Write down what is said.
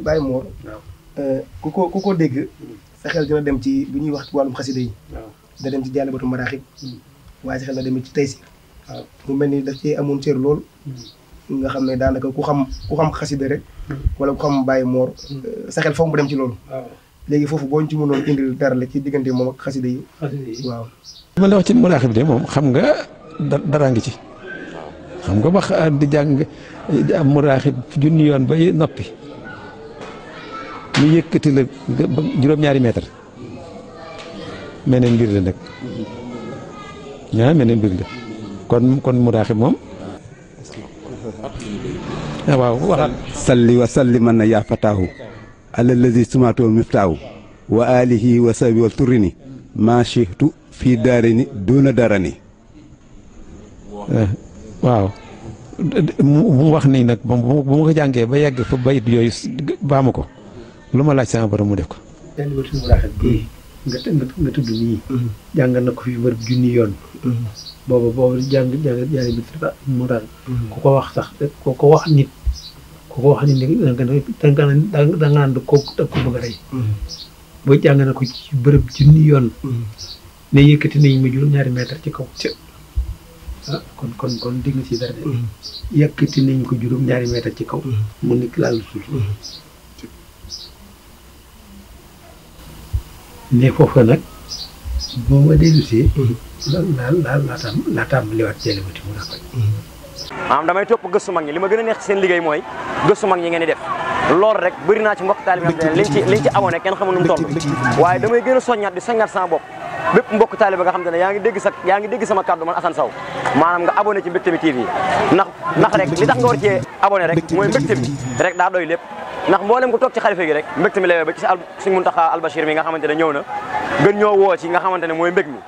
Baye Mor. Euh, ku ko ku ko dégg. sa xel dina dem ci bu ñuy wax ci wàllum xasida yi. da dem ci jàllabatu maraaxib. Hmm. waaye sa xel na dem ci si waaw mu mel ni daf cee amoon cër lool. Hmm. nga xam ne daanaka ku xam ku xam xasida rek. Hmm. wala xam Baye Mor. Euh, sa xel mu dem ci loolu. léegi foofu boo ñu ci mënoon indil dara la ci diggante moom ak xasida yi. waaw. ma la wax ci maraaxib de moom xam nga daraa ngi ci. xam nga wax di jàng muraaxib junni yoon ba noppi. ñu yëkkati la juróom-ñaari mètre meneen mbir la nag ah meneen mbir la kon kon mu mom, moom ah, waaw waxal salli wa sallim man na yaa fataahu ala lazi sumaatoo miftaahu wa alihi wa sabi wa turini ma shihtu fi daarini duna darani ah, waaw mu wax ni nag bu ko jàngee ba yegg fa bayit yooyu baamu luma laaj sama borom mu def ko ben wër mu raxat bi nga nga tudd hmm. ni hmm. jang na ko fi wër junni yoon bobo hmm. bobo jang jang jàng bi mu daal ku ko wax sax ko ko wax nit ku ko wax nit da nga da nga nga ànd ko ko ko bëgg a bo jang na ko ci bërëb junni yoon ne yëkkati nañ ma juróom ñaari mètre ci kaw ci ah, kon kon kon ding ci dara de yëkkati nañ ko juróom ñaari mètre ci kaw mu nik laal suuf mais foofa nag mm-hmm. a boo ma dellusee. la la la laataam laataam liwaat jëlee wuti mu rafet. maanaam mm-hmm. damay topp gëstu mag ñi li ma gën a neex ci seen liggéey mooy gëstu mag ñi ngeen di def loolu rek bëri naa ci mbokk taalibe bi nga xam ne liñ ci liñ ci abonné kenn xamul nu mu toll. waaye damay gën a soññaat di soññaat sama bokk bépp mbokk taalibe nga xam te ne yaa ngi dégg sa yaa ngi dégg sama kàddu man Assane Sow maanaam nga abonné ci Mbectemi TV ndax ndax rek li tax nga war cee abonné rek mooy Mbectemi rek daa ndax mboolem ku toog ci xalifa gi rek mbégte mi lay ba ci si suñ Muntaxa Albachir mi nga xamante ne ñëw na gën ñoo woo ci nga xamante ne mooy mbég mi